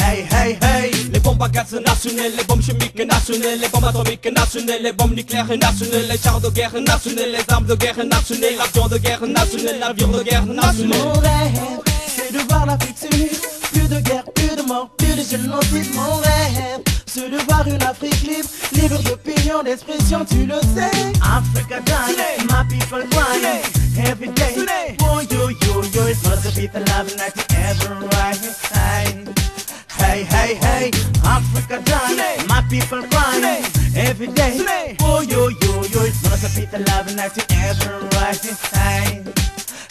Hey, hey, hey Les bombes à gaz nationales, les bombes chimiques nationales, les bombes atomiques nationales, les bombes nucléaires nationales, les chars de guerre nationales, les armes de guerre nationales, l'avion de guerre nationale, l'avion de guerre nationale. Mon rêve, c'est de voir l'Afrique, plus de guerre, plus de mort, plus de génocide. Mon rêve, c'est de voir une Afrique libre, libre d'opinion, d'expression, tu le sais. Africa done, my people crying, every day. Oh yo yo yo, the love ever Hey, hey, Africa done, my people crying every day. Oh, yo, yo, yo, it's one of the people loving like the ever rising. Hey,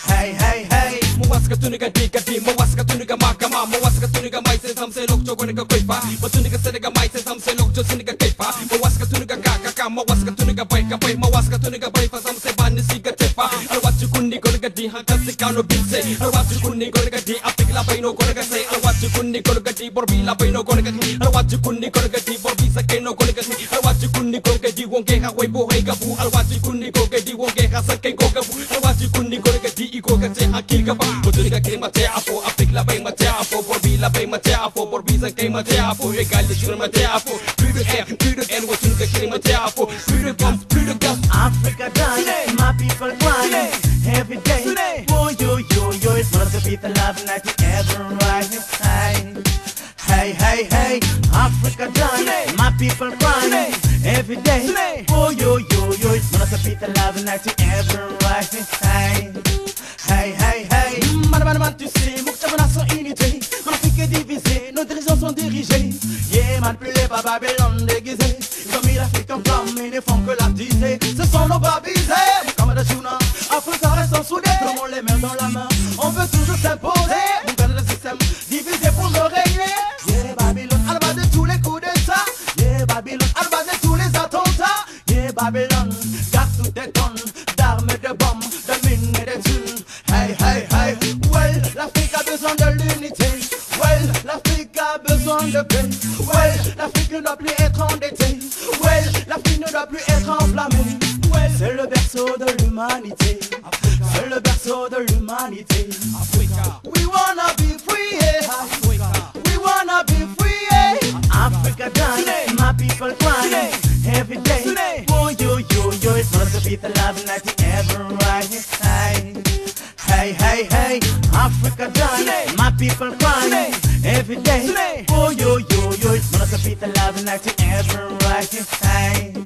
hey, hey, hey. Mawaska tuniga diga di, mawaska tuniga makama, mawaska tuniga maise samse jo lokcho goniga kuipa, matuniga seniga maise samse lokcho seniga kaipa, mawaska tuniga kaka kama, mawaska tuniga baika bai, mawaska tuniga bai fa samse bani siga te. Pah Awatsu kunni gorgati Hakase kano bitse Awatsu kunni gorgati Apikla paino gorgase Awatsu kunni gorgati Borbila paino gorgati Awatsu kunni gorgati Borbisa keno gorgati Awatsu kunni gorgati Wonge ha weibo heigabu Awatsu kunni gorgati Wonge ha saken gogabu Awatsu kunni gorgati Igorgate hakilgaba Bodurga kemate apo Apikla bai mate apo Borbila bai mate apo Borbisa kemate apo Egali shurmate apo Through the air, through the air Watunga kemate apo Through the gums, through the gums Africa dance, my people love night ever right Hey, hey, hey, hey Africa done, my people crying Every day, oh yo yo yo Manasapita love night ever right Hey, hey, hey, hey Madame, tu sais, n'a sont inutiles Mon Afrique est divisée, nos dirigeants sont dirigés Yeah, manipulés par Babylone déguisée comme il a fait comme flamme et ne font que la Ce sont nos babies Garde toutes tout tonnes d'armes et de bombes, de mines et de thunes. Hey, hey, hey, well, l'Afrique a besoin de l'unité. Well, l'Afrique a besoin de paix. Well, l'Afrique ne doit plus être endettée. Well, l'Afrique ne doit plus être enflammée. Well, c'est le berceau de l'humanité. C'est le berceau de l'humanité. We wanna be free, Africa. We wanna be free, Africa my people crying every day. be the love that you ever write. Hey, hey, hey, hey, Africa done, my people crying every day. Oh, yo, yo, yo, wanna be the love that you ever write. Hey.